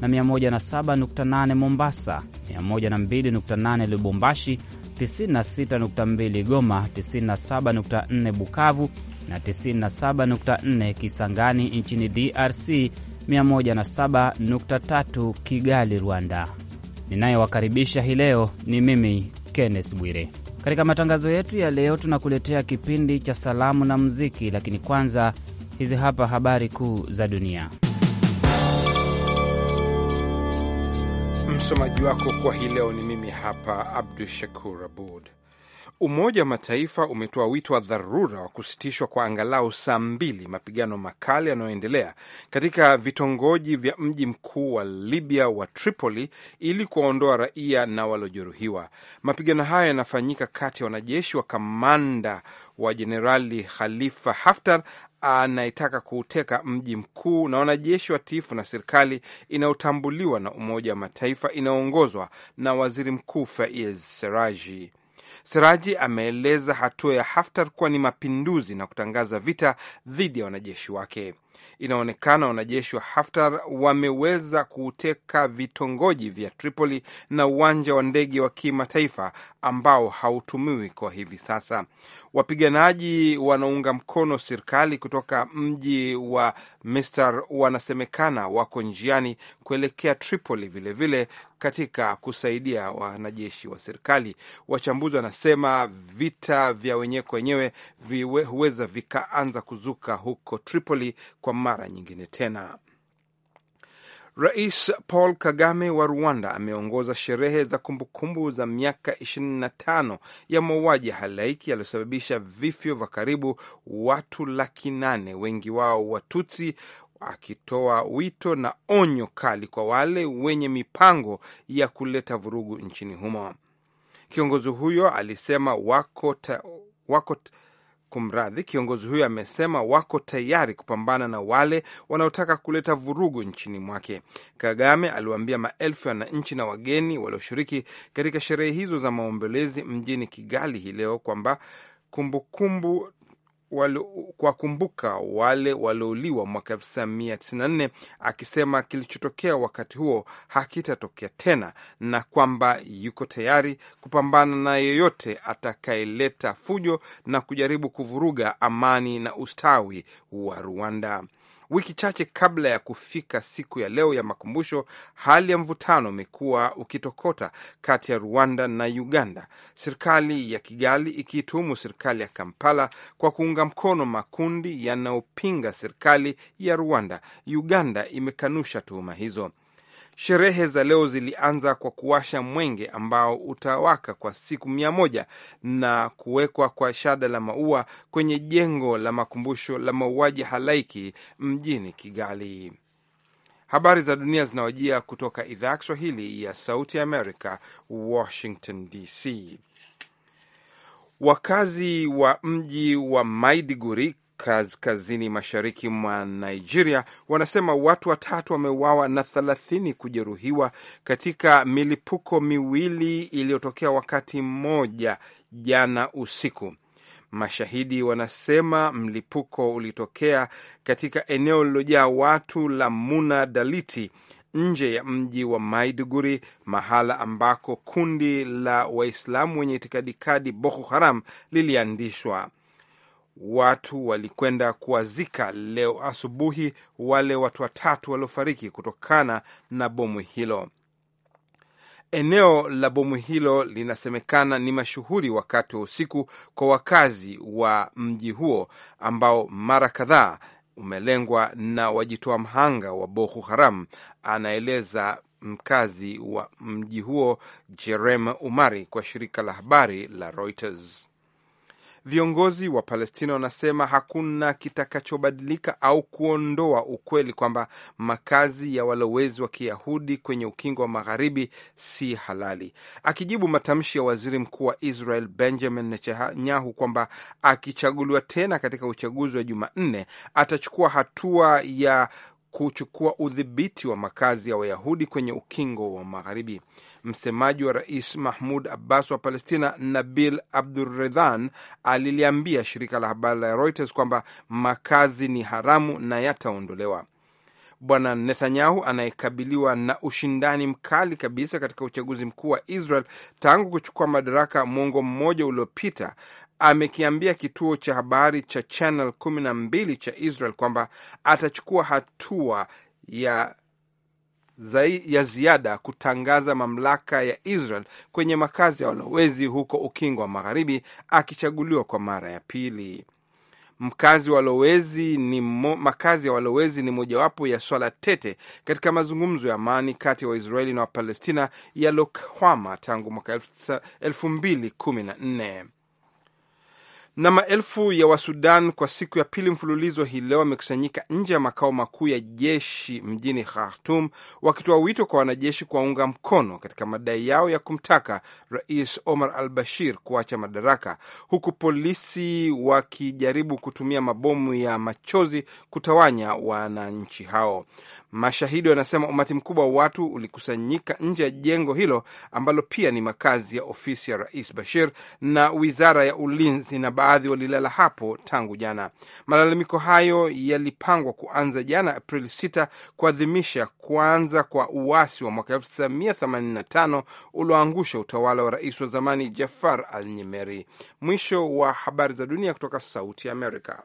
na 107.8 Mombasa, 102.8 Lubumbashi, 96.2 Goma, 97.4 Bukavu na 97.4 Kisangani nchini DRC, 107.3 Kigali, Rwanda. Ninayewakaribisha hii leo ni mimi Kenneth Bwire. Katika matangazo yetu ya leo tunakuletea kipindi cha salamu na muziki, lakini kwanza hizi hapa habari kuu za dunia. Msomaji wako kwa hii leo ni mimi hapa Abdu Shakur Abud. Umoja wa Mataifa umetoa wito wa dharura wa kusitishwa kwa angalau saa mbili mapigano makali yanayoendelea katika vitongoji vya mji mkuu wa Libya wa Tripoli ili kuwaondoa raia na waliojeruhiwa. Mapigano hayo yanafanyika kati ya wanajeshi wa kamanda wa Jenerali Khalifa Haftar anayetaka kuuteka mji mkuu na wanajeshi watiifu na serikali inayotambuliwa na Umoja wa Mataifa inayoongozwa na Waziri Mkuu Faiz Seraji. Seraji ameeleza hatua ya Haftar kuwa ni mapinduzi na kutangaza vita dhidi ya wanajeshi wake. Inaonekana wanajeshi wa Haftar wameweza kuteka vitongoji vya Tripoli na uwanja wa ndege wa kimataifa ambao hautumiwi kwa hivi sasa. Wapiganaji wanaunga mkono serikali kutoka mji wa Mistar wanasemekana wako njiani kuelekea Tripoli vilevile vile katika kusaidia wanajeshi wa serikali. Wachambuzi wanasema vita vya wenyewe kwa wenyewe huweza vikaanza kuzuka huko Tripoli kwa mara nyingine tena. Rais Paul Kagame wa Rwanda ameongoza sherehe za kumbukumbu kumbu za miaka 25 ya mauaji halaiki yaliyosababisha vifo vya karibu watu laki nane, wengi wao Watutsi, akitoa wito na onyo kali kwa wale wenye mipango ya kuleta vurugu nchini humo. Kiongozi huyo alisema wako, ta, wako ta, Kumradhi, kiongozi huyo amesema wako tayari kupambana na wale wanaotaka kuleta vurugu nchini mwake. Kagame aliwaambia maelfu ya wananchi na wageni walioshiriki katika sherehe hizo za maombolezi mjini Kigali hii leo kwamba kumbukumbu kuwakumbuka wale waliouliwa mwaka 1994 akisema kilichotokea wakati huo hakitatokea tena, na kwamba yuko tayari kupambana na yeyote atakayeleta fujo na kujaribu kuvuruga amani na ustawi wa Rwanda. Wiki chache kabla ya kufika siku ya leo ya makumbusho, hali ya mvutano umekuwa ukitokota kati ya Rwanda na Uganda, serikali ya Kigali ikiituhumu serikali ya Kampala kwa kuunga mkono makundi yanayopinga serikali ya Rwanda. Uganda imekanusha tuhuma hizo. Sherehe za leo zilianza kwa kuwasha mwenge ambao utawaka kwa siku mia moja na kuwekwa kwa shada la maua kwenye jengo la makumbusho la mauaji halaiki mjini Kigali. Habari za dunia zinawajia kutoka idhaa ya Kiswahili ya Sauti ya Amerika, Washington DC. Wakazi wa mji wa Maidiguri kaskazini mashariki mwa Nigeria wanasema watu watatu wameuawa na thelathini kujeruhiwa katika milipuko miwili iliyotokea wakati mmoja jana usiku. Mashahidi wanasema mlipuko ulitokea katika eneo lililojaa watu la Muna Daliti nje ya mji wa Maiduguri, mahala ambako kundi la Waislamu wenye itikadi kali Boko Haram liliandishwa watu walikwenda kuwazika leo asubuhi wale watu watatu waliofariki kutokana na bomu hilo. Eneo la bomu hilo linasemekana ni mashuhuri wakati wa usiku kwa wakazi wa mji huo ambao mara kadhaa umelengwa na wajitoa mhanga wa Boko Haram, anaeleza mkazi wa mji huo Jerem Umari kwa shirika la habari la Reuters. Viongozi wa Palestina wanasema hakuna kitakachobadilika au kuondoa ukweli kwamba makazi ya walowezi wa Kiyahudi kwenye ukingo wa magharibi si halali. Akijibu matamshi ya waziri mkuu wa Israel Benjamin Netanyahu kwamba akichaguliwa tena katika uchaguzi wa Jumanne atachukua hatua ya kuchukua udhibiti wa makazi ya Wayahudi kwenye ukingo wa Magharibi. Msemaji wa rais Mahmud Abbas wa Palestina, Nabil Abduridhan, aliliambia shirika la habari la Reuters kwamba makazi ni haramu na yataondolewa. Bwana Netanyahu anayekabiliwa na ushindani mkali kabisa katika uchaguzi mkuu wa Israel tangu kuchukua madaraka mwongo mmoja uliopita amekiambia kituo cha habari cha Channel kumi na mbili cha Israel kwamba atachukua hatua ya zai, ya ziada kutangaza mamlaka ya Israel kwenye makazi ya walowezi huko Ukingo wa Magharibi akichaguliwa kwa mara ya pili. Mkazi walowezi ni mo, makazi ya walowezi ni mojawapo ya swala tete katika mazungumzo ya amani kati ya wa Waisraeli na Wapalestina yalokwama tangu mwaka elfu mbili kumi na nne. Na maelfu ya Wasudan kwa siku ya pili mfululizo hii leo wamekusanyika nje ya makao makuu ya jeshi mjini Khartum wakitoa wito kwa wanajeshi kuwaunga mkono katika madai yao ya kumtaka Rais Omar al Bashir kuacha madaraka, huku polisi wakijaribu kutumia mabomu ya machozi kutawanya wananchi hao. Mashahidi wanasema umati mkubwa wa watu ulikusanyika nje ya jengo hilo ambalo pia ni makazi ya ofisi ya Rais Bashir na wizara ya ulinzi na baadhi walilala hapo tangu jana. Malalamiko hayo yalipangwa kuanza jana Aprili 6 kuadhimisha kuanza kwa uasi wa mwaka 1985 ulioangusha utawala wa rais wa zamani Jafar al Nyemeri. Mwisho wa habari za dunia kutoka Sauti ya Amerika.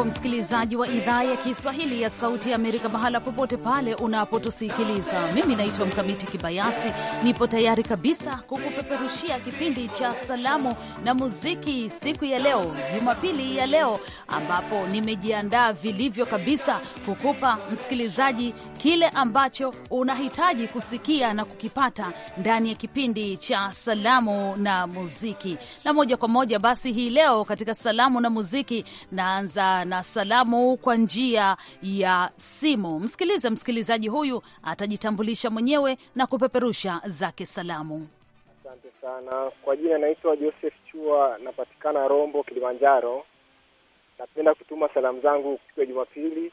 hujambo msikilizaji wa idhaa ya Kiswahili ya Sauti ya Amerika, mahala popote pale unapotusikiliza. Mimi naitwa Mkamiti Kibayasi, nipo tayari kabisa kukupeperushia kipindi cha salamu na muziki siku ya leo, Jumapili ya leo, ambapo nimejiandaa vilivyo kabisa kukupa msikilizaji kile ambacho unahitaji kusikia na kukipata ndani ya kipindi cha salamu na muziki. Na moja kwa moja basi, hii leo katika salamu na muziki naanza na salamu kwa njia ya simu. Msikilize msikilizaji huyu atajitambulisha mwenyewe na kupeperusha zake salamu. Asante sana kwa jina, naitwa Joseph Chua, napatikana Rombo, Kilimanjaro. Napenda kutuma salamu zangu siku ya Jumapili.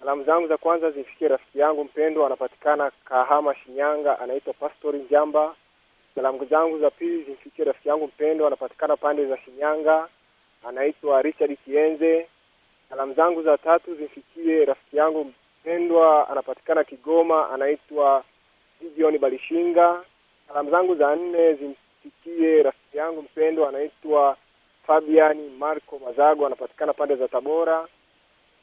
Salamu zangu za kwanza zifikie rafiki yangu mpendwa, anapatikana Kahama, Shinyanga, anaitwa Pastori Njamba. Salamu zangu za pili zimfikie rafiki yangu mpendwa, anapatikana pande za Shinyanga, anaitwa Richard Kienze. Salamu zangu za tatu zimfikie rafiki yangu mpendwa, anapatikana Kigoma, anaitwa Gideon Balishinga. Salamu zangu za nne zimfikie rafiki yangu mpendwa, anaitwa Fabiani Marco Mazago, anapatikana pande za Tabora.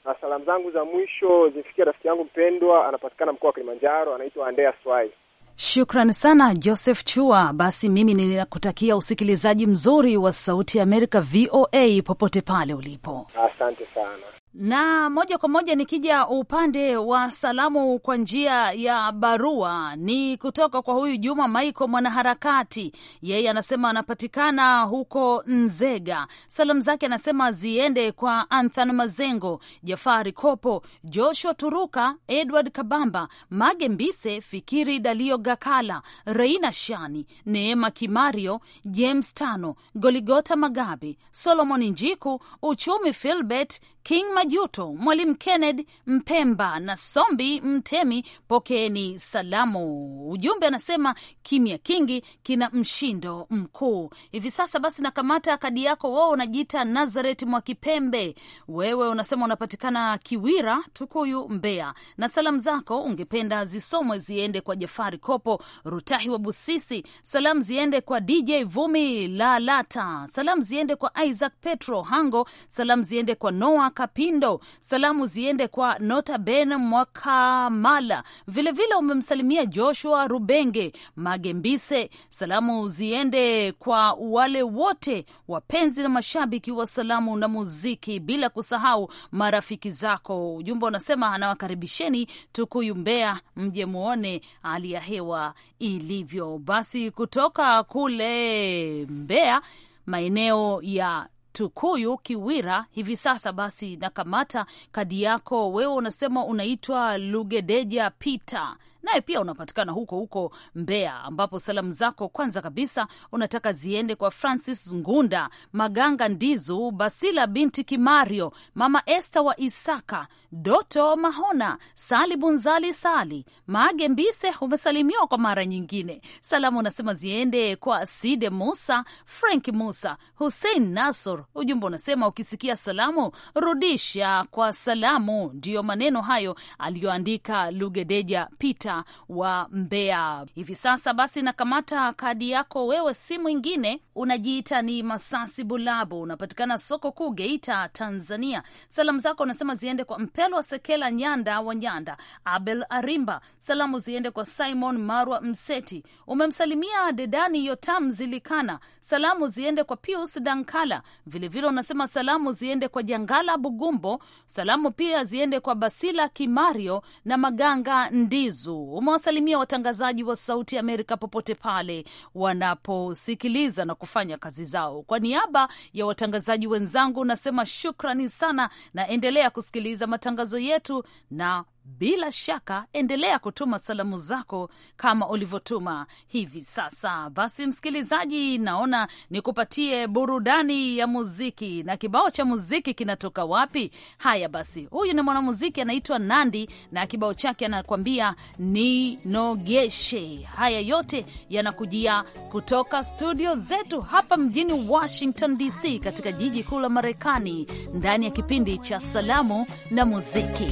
Na salamu zangu za mwisho zimfikie rafiki yangu mpendwa, anapatikana mkoa wa Kilimanjaro, anaitwa Andea Swai. Shukran sana Joseph Chua. Basi mimi ninakutakia usikilizaji mzuri wa Sauti ya Amerika, VOA, popote pale ulipo. Asante sana na moja kwa moja nikija upande wa salamu kwa njia ya barua ni kutoka kwa huyu Juma Maiko, mwanaharakati. Yeye anasema anapatikana huko Nzega. Salamu zake anasema ziende kwa anthan Mazengo, Jafari Kopo, Joshua Turuka, Edward Kabamba, Mage Mbise, Fikiri Dalio, Gakala, Reina Shani, Neema Kimario, James Tano, Goligota Magabe, Solomon Njiku, Uchumi Filbert King Majuto, Mwalimu Kennedy Mpemba na Sombi Mtemi, pokeeni salamu. Ujumbe anasema kimya kingi kina mshindo mkuu. Hivi sasa basi, nakamata kadi yako wao, unajiita Nazaret Mwakipembe, wewe unasema unapatikana Kiwira, Tukuyu, Mbeya, na salamu zako ungependa zisomwe ziende kwa Jafari Kopo Rutahi wa Busisi, salamu ziende kwa DJ Vumi Lalata, salamu ziende kwa Isaac Petro Hango, salamu ziende kwa Noah Kapindo. Salamu ziende kwa Nota Ben Mwakamala, vilevile umemsalimia Joshua Rubenge Magembise. Salamu ziende kwa wale wote wapenzi na mashabiki wa salamu na muziki, bila kusahau marafiki zako. Ujumbe unasema anawakaribisheni Tukuyu, Mbeya, mje muone hali ya hewa ilivyo. Basi kutoka kule Mbeya maeneo ya Tukuyu Kiwira hivi sasa. Basi nakamata kadi yako wewe, unasema unaitwa Lugedeja Peter naye pia unapatikana huko huko Mbeya, ambapo salamu zako kwanza kabisa unataka ziende kwa Francis Ngunda, Maganga Ndizu, Basila binti Kimario, Mama Esther wa Isaka, Doto Mahona, Sali Bunzali, Sali Mage Mbise. Umesalimiwa kwa mara nyingine. Salamu unasema ziende kwa Side Musa, Frank Musa, Hussein Nasor. Ujumbe unasema ukisikia salamu rudisha kwa salamu. Ndiyo maneno hayo aliyoandika Lugedeja Peter wa Mbeya hivi sasa. Basi nakamata kadi yako wewe, si mwingine, unajiita ni Masasi Bulabu, unapatikana soko kuu Geita, Tanzania. Salamu zako unasema ziende kwa Mpelwa Sekela Nyanda wa Nyanda, Abel Arimba. Salamu ziende kwa Simon Marwa Mseti, umemsalimia Dedani Yotam Zilikana. Salamu ziende kwa Pius Dankala, vilevile unasema salamu ziende kwa Jangala Bugumbo. Salamu pia ziende kwa Basila Kimario na Maganga Ndizu umewasalimia watangazaji wa Sauti ya Amerika popote pale wanaposikiliza na kufanya kazi zao. Kwa niaba ya watangazaji wenzangu nasema shukrani sana, na endelea kusikiliza matangazo yetu na bila shaka endelea kutuma salamu zako kama ulivyotuma hivi sasa. Basi msikilizaji, naona nikupatie burudani ya muziki, na kibao cha muziki kinatoka wapi? Haya basi, huyu ni mwanamuziki anaitwa Nandi na kibao chake anakuambia ni nogeshe Haya yote yanakujia kutoka studio zetu hapa mjini Washington DC, katika jiji kuu la Marekani, ndani ya kipindi cha salamu na muziki.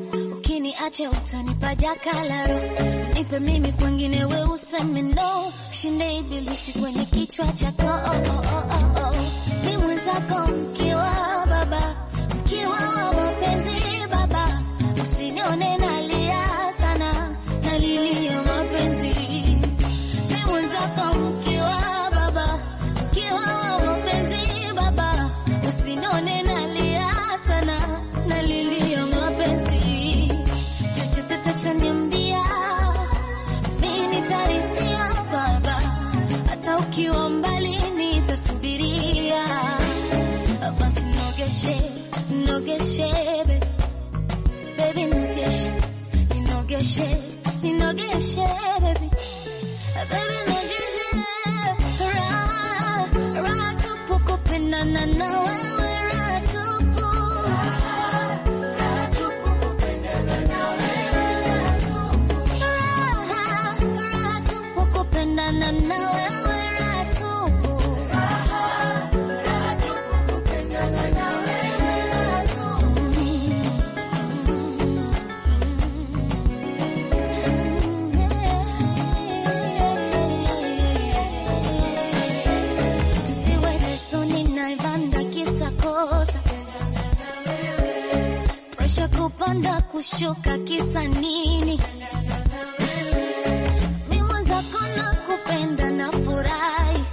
niache utanipa jakalaro, nipe mimi kwengine, we useme no, shinde ibilisi kwenye kichwa chako, oh, oh, oh, oh. mi oh. mwenzako mkiwa kupendana nawe Napenda kushuka, kisa nini? Mimi zako na kupenda na furahi,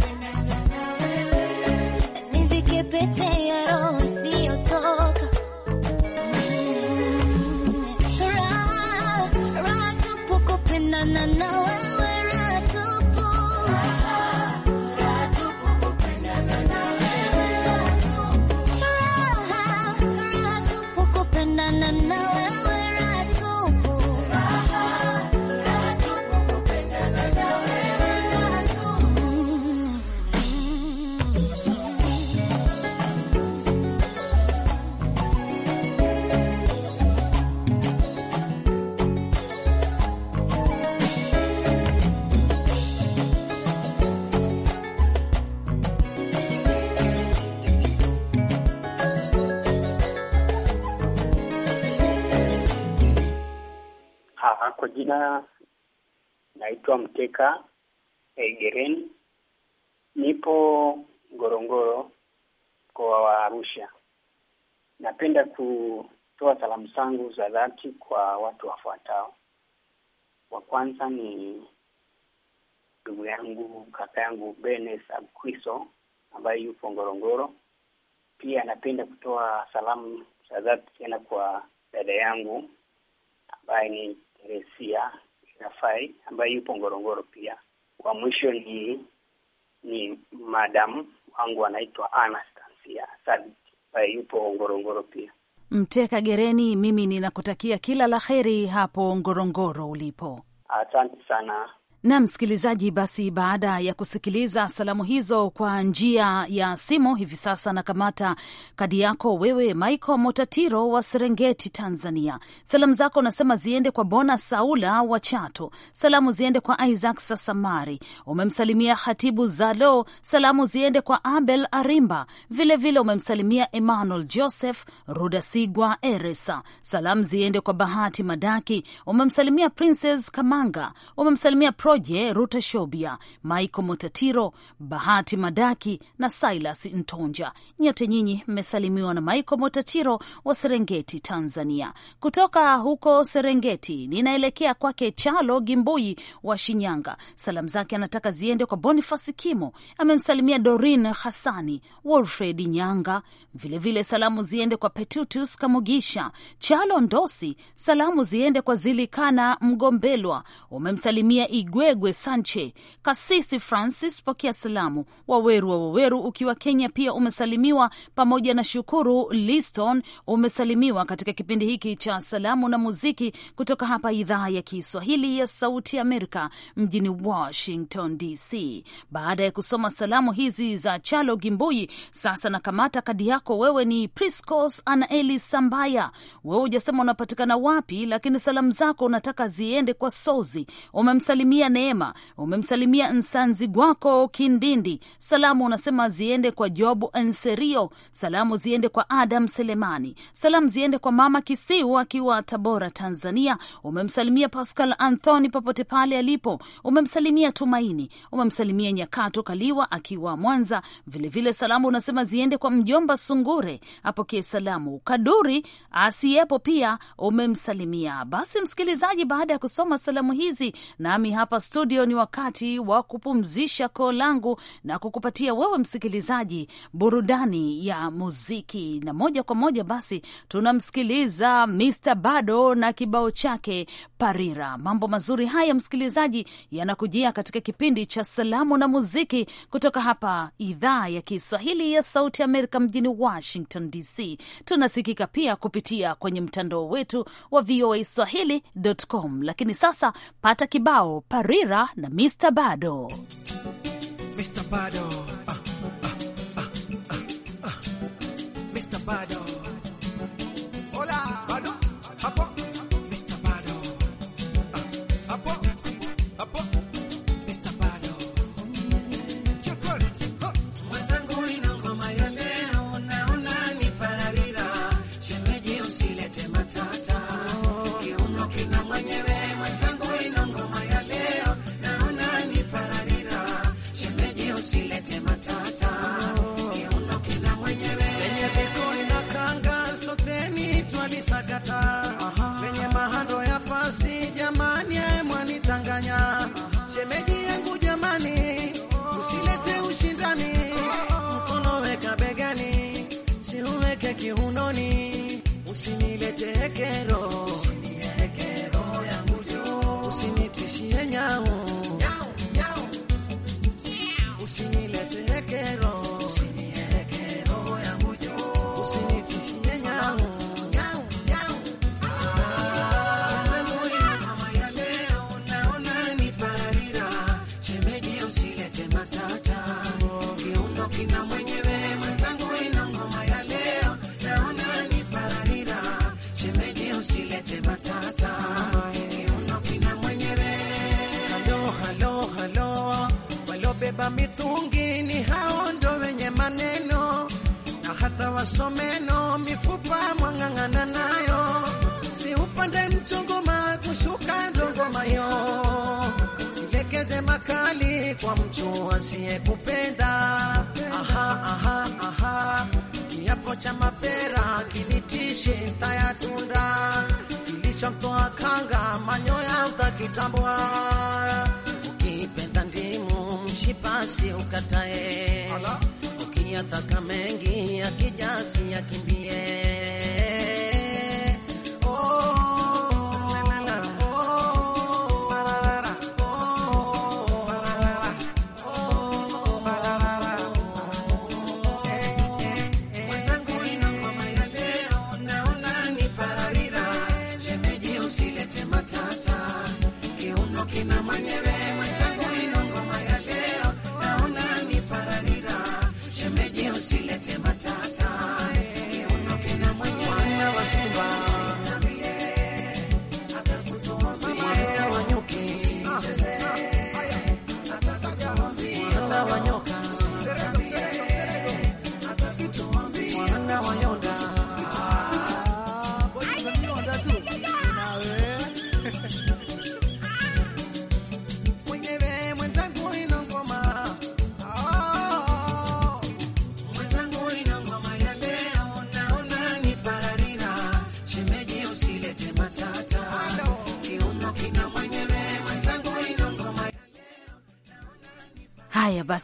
ni vikepete ya roho isiyotoka mm. ra, ra, majina naitwa Mteka Egeren, nipo Ngorongoro, mkoa wa Arusha. Napenda kutoa salamu zangu za dhati kwa watu wafuatao. Wa kwanza ni ndugu yangu kaka yangu Benes Abkwiso ambaye yupo Ngorongoro. Pia napenda kutoa salamu za dhati tena kwa dada yangu ambaye ni e, Sia Rafai ambaye yupo Ngorongoro pia. Wa mwisho ni ni madam wangu anaitwa Anastasia Sabit ambaye yupo Ngorongoro pia. Mteka Gereni, mimi ninakutakia kila la heri hapo Ngorongoro ulipo. Asante sana. Na msikilizaji, basi baada ya kusikiliza salamu hizo kwa njia ya simu, hivi sasa nakamata kadi yako wewe, Michael Motatiro wa Serengeti, Tanzania. Salamu zako unasema ziende kwa Bona Saula wa Chato, salamu ziende kwa Isaac Sasamari, umemsalimia Hatibu Zalo, salamu ziende kwa Abel Arimba, vilevile vile umemsalimia Emmanuel Joseph Rudasigwa Eresa, salamu ziende kwa Bahati Madaki, umemsalimia Princess Kamanga, umemsalimia Proje Rutashobia, Maiko Mutatiro, Bahati Madaki na Silas Ntonja. Nyote nyinyi mmesalimiwa na Maiko Mutatiro wa Serengeti, Tanzania. Kutoka huko Serengeti ninaelekea kwake Chalo Gimbui wa Shinyanga. Salamu zake anataka ziende kwa Bonifasi Kimo, amemsalimia Dorin Hasani, Wolfred Nyanga. Vilevile vile salamu ziende kwa Petutus Kamugisha, Chalo Ndosi. Salamu ziende kwa Zilikana Mgombelwa, umemsalimia Igu Igwegwe Sanche, Kasisi Francis, pokea salamu. Waweru wa Waweru ukiwa Kenya pia umesalimiwa, pamoja na Shukuru Liston umesalimiwa katika kipindi hiki cha salamu na muziki kutoka hapa idhaa ya Kiswahili ya Sauti ya Amerika mjini Washington DC. Baada ya kusoma salamu hizi za Chalo Gimbui, sasa nakamata kadi yako. Wewe ni Priscos Anaeli Sambaya. Wewe hujasema unapatikana wapi, lakini salamu zako unataka ziende kwa Sozi. Umemsalimia neema umemsalimia Nsanzi Gwako Kindindi. Salamu unasema ziende kwa Jobu Nserio, salamu ziende kwa Adam Selemani, salamu ziende kwa mama Kisiu akiwa Tabora, Tanzania. Umemsalimia Pascal Anthony popote pale alipo, umemsalimia Tumaini, umemsalimia Nyakato Kaliwa akiwa Mwanza. Vilevile vile salamu unasema ziende kwa mjomba Sungure apokee salamu, Kaduri asiyepo pia umemsalimia. Basi msikilizaji, baada ya kusoma salamu hizi, nami hapa hapa studio, ni wakati wa kupumzisha koo langu na kukupatia wewe msikilizaji burudani ya muziki. Na moja kwa moja basi tunamsikiliza Mr Bado na kibao chake Parira. Mambo mazuri haya msikilizaji, yanakujia katika kipindi cha Salamu na Muziki kutoka hapa idhaa ya Kiswahili ya Sauti Amerika mjini Washington DC. Tunasikika pia kupitia kwenye mtandao wetu wa VOA Swahili.com, lakini sasa pata kibao Parira rira na Mr. Bado. Mr. Bado. Uh, ah, uh, ah, uh, ah, uh, uh, Mr. Bado. Sagata. wasomeno mifupa mwang'ang'ana nayo, si upande mchongoma kushuka ndongomayo, silekeze makali kwa mtu asiyekupenda. Aha, aha, aha, kiapo cha mapera kinitishe tayatunda, kilichomtoa kanga manyoya utakitambua ukipenda ndimu mshipasi ukatae Ala hata kama mengi akijasi akimbie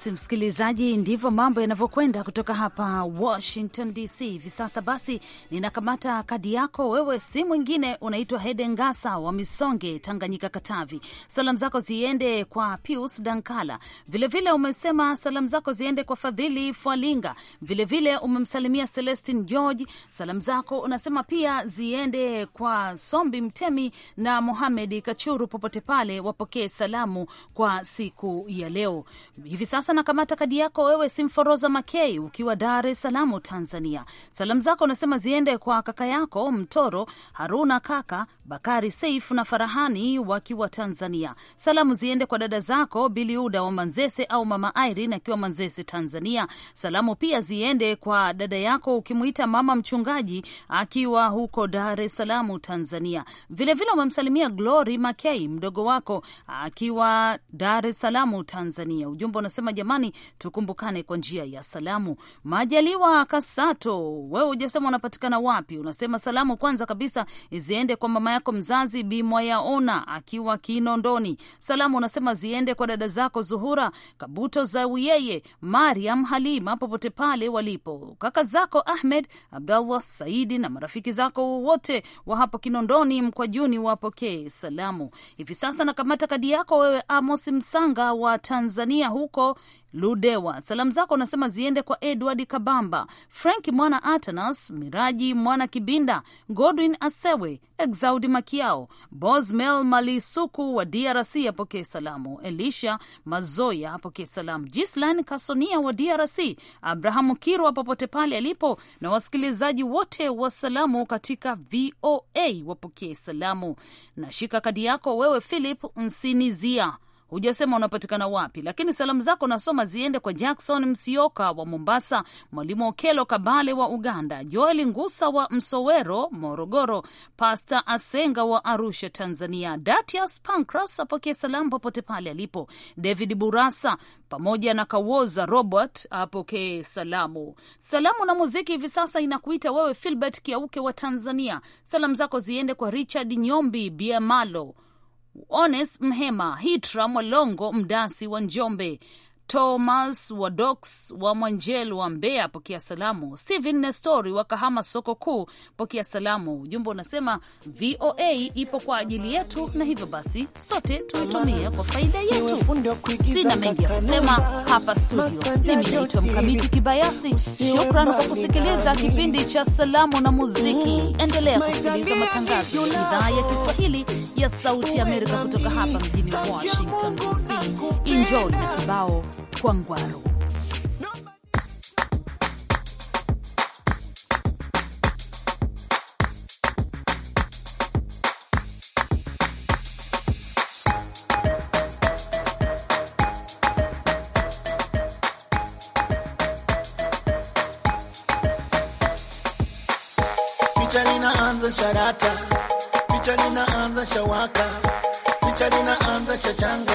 Basi msikilizaji, ndivyo mambo yanavyokwenda kutoka hapa Washington DC hivi sasa. Basi ninakamata kadi yako, wewe si mwingine, unaitwa Hedengasa wa Misonge, Tanganyika, Katavi. Salamu zako ziende kwa Pius Dankala, vilevile vile umesema salamu zako ziende kwa Fadhili Fwalinga, vilevile umemsalimia Celestin George. Salamu zako unasema pia ziende kwa Sombi Mtemi na Mohamed Kachuru, popote pale wapokee salamu kwa siku ya leo. Hivi sasa anakamata kadi yako wewe, Simforoza Makei ukiwa Dar es Salaam, Tanzania. Salamu zako unasema ziende kwa kaka yako Mtoro Haruna, kaka Bakari Seif na Farahani wakiwa Tanzania. Salamu ziende kwa dada zako Biliuda wa Manzese au mama Irene akiwa Manzese, Tanzania. Salamu pia ziende kwa dada yako ukimwita mama mchungaji akiwa huko Dar es Salaam, Tanzania. Vilevile umemsalimia Glory Makei mdogo wako akiwa Dar es Salaam, Tanzania. Ujumbe unasema jamani, tukumbukane kwa njia ya salamu. Majaliwa Kasato, wewe hujasema unapatikana wapi. Unasema salamu kwanza kabisa ziende kwa mama yako mzazi Bi Mwayaona akiwa Kinondoni. Salamu unasema ziende kwa dada zako Zuhura Kabuto za Uyeye, Mariam Halima, popote pale walipo, kaka zako Ahmed Abdallah Saidi na marafiki zako wote wa hapo Kinondoni mkwa juni wapokee salamu hivi sasa. Nakamata kadi yako wewe Amos Msanga wa Tanzania huko Ludewa, salamu zako unasema ziende kwa Edward Kabamba, Frank Mwana, Atanas Miraji, Mwana Kibinda, Godwin Asewe, Exaudi Makiao, Bosmel Malisuku wa DRC apokee salamu, Elisha Mazoya apokee salamu, Jislan Kasonia wa DRC, Abrahamu Kirwa popote pale alipo, na wasikilizaji wote wa salamu katika VOA wapokee salamu. Nashika kadi yako wewe Philip Nsinizia Hujasema unapatikana wapi, lakini salamu zako nasoma ziende kwa Jackson Msioka wa Mombasa, Mwalimu Okelo Kabale wa Uganda, Joel Ngusa wa Msowero, Morogoro, Pasta Asenga wa Arusha, Tanzania, Datius Pancras apokee salamu popote pale alipo, David Burasa pamoja na Kawoza Robert apokee salamu. Salamu na muziki hivi sasa inakuita wewe Filbert Kiauke wa Tanzania. Salamu zako ziende kwa Richard Nyombi Biamalo Ones Mhema, Hitra Mwalongo, Mdasi wa Njombe, Thomas Wadox wa Mwanjel wa Mbeya, pokea salamu. Stephen Nestori wa Kahama soko kuu, pokea salamu. Ujumbe unasema VOA ipo kwa ajili yetu, na hivyo basi sote tuitumie kwa faida yetu. Sina mengi ya kusema hapa studio, mimi naitwa Mkamiti Kibayasi. Shukran kwa kusikiliza kipindi cha salamu na muziki. Endelea kusikiliza matangazo ya idhaa ya Kiswahili ya Sauti ya Amerika kutoka hapa mjini Washington. Njoi na kibao kwa Picha linaanza sharata, picha linaanza shawaka, picha linaanza shachanga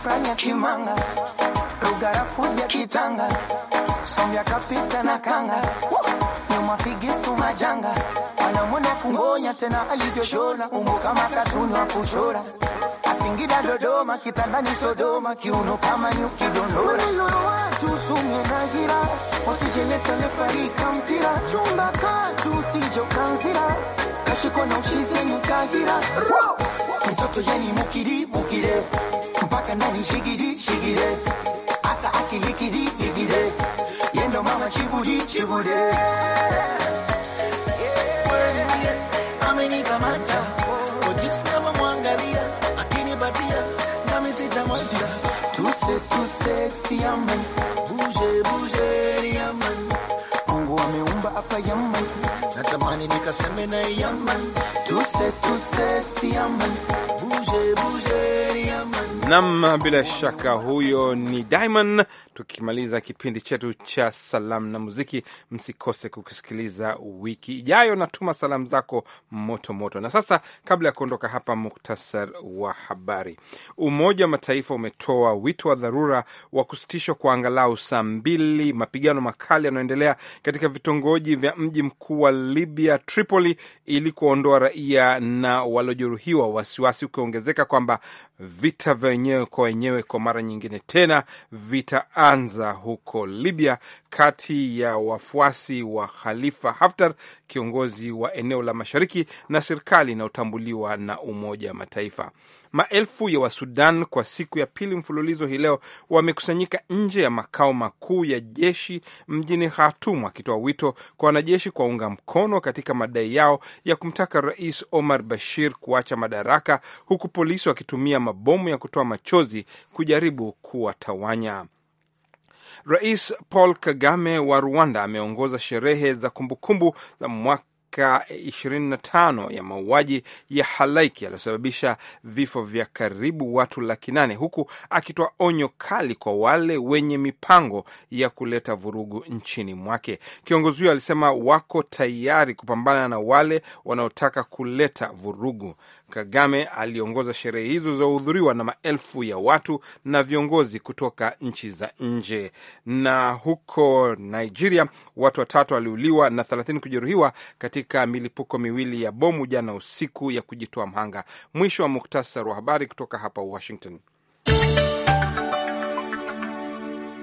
Franya Kimanga, Rugara Fuja Kitanga, Somya Kapita na Kanga, Nyuma Figisu Majanga, anamwona kungonya tena alivyoshona umbo kama katuni wa kuchora Singida Dodoma, kitandani Sodoma, kiuno kama nyuki dondora. Watu sumye na gira wasijeleta lefarika mpira chumba katu sijo kanzira kashiko na ushizi mutagira mtoto yeni mukiri mukire mpaka nani shigiri shigire asa akilikiri ligire yendo mama chibudi chibude amenikamata wakichitama mwangalia akinibatia nami sitamwacha tuse tuse siama buje buje Mungu ameumba hapa yama natamani nikaseme na yama tuse tuse siama buje buje yama Nam, bila shaka huyo ni Diamond. Tukimaliza kipindi chetu cha salamu na muziki, msikose kukisikiliza wiki ijayo. Natuma salamu zako moto moto. Na sasa, kabla ya kuondoka hapa, muktasar wa habari. Umoja wa Mataifa umetoa wito wa dharura wa kusitishwa kwa angalau saa mbili mapigano makali yanayoendelea katika vitongoji vya mji mkuu wa Libya, Tripoli, ili kuwaondoa raia na waliojeruhiwa, wasiwasi ukiongezeka kwamba vita vya wenyewe kwa wenyewe kwa mara nyingine tena vitaanza huko Libya kati ya wafuasi wa Khalifa Haftar kiongozi wa eneo la mashariki na serikali inayotambuliwa na Umoja wa Mataifa. Maelfu ya Wasudan kwa siku ya pili mfululizo hii leo wamekusanyika nje ya makao makuu ya jeshi mjini Khartoum wakitoa wito kwa wanajeshi kuwaunga mkono katika madai yao ya kumtaka Rais Omar Bashir kuacha madaraka, huku polisi wakitumia mabomu ya kutoa machozi kujaribu kuwatawanya. Rais Paul Kagame wa Rwanda ameongoza sherehe za kumbukumbu za mwaka 25 ya mauaji ya halaiki yaliyosababisha vifo vya karibu watu laki nane huku akitoa onyo kali kwa wale wenye mipango ya kuleta vurugu nchini mwake. Kiongozi huyo alisema wako tayari kupambana na wale wanaotaka kuleta vurugu. Kagame aliongoza sherehe hizo zilizohudhuriwa na maelfu ya watu na viongozi kutoka nchi za nje. Na huko Nigeria, watu watatu waliuliwa na thelathini kujeruhiwa katika milipuko miwili ya bomu jana usiku ya kujitoa mhanga. Mwisho wa muktasar wa habari kutoka hapa Washington.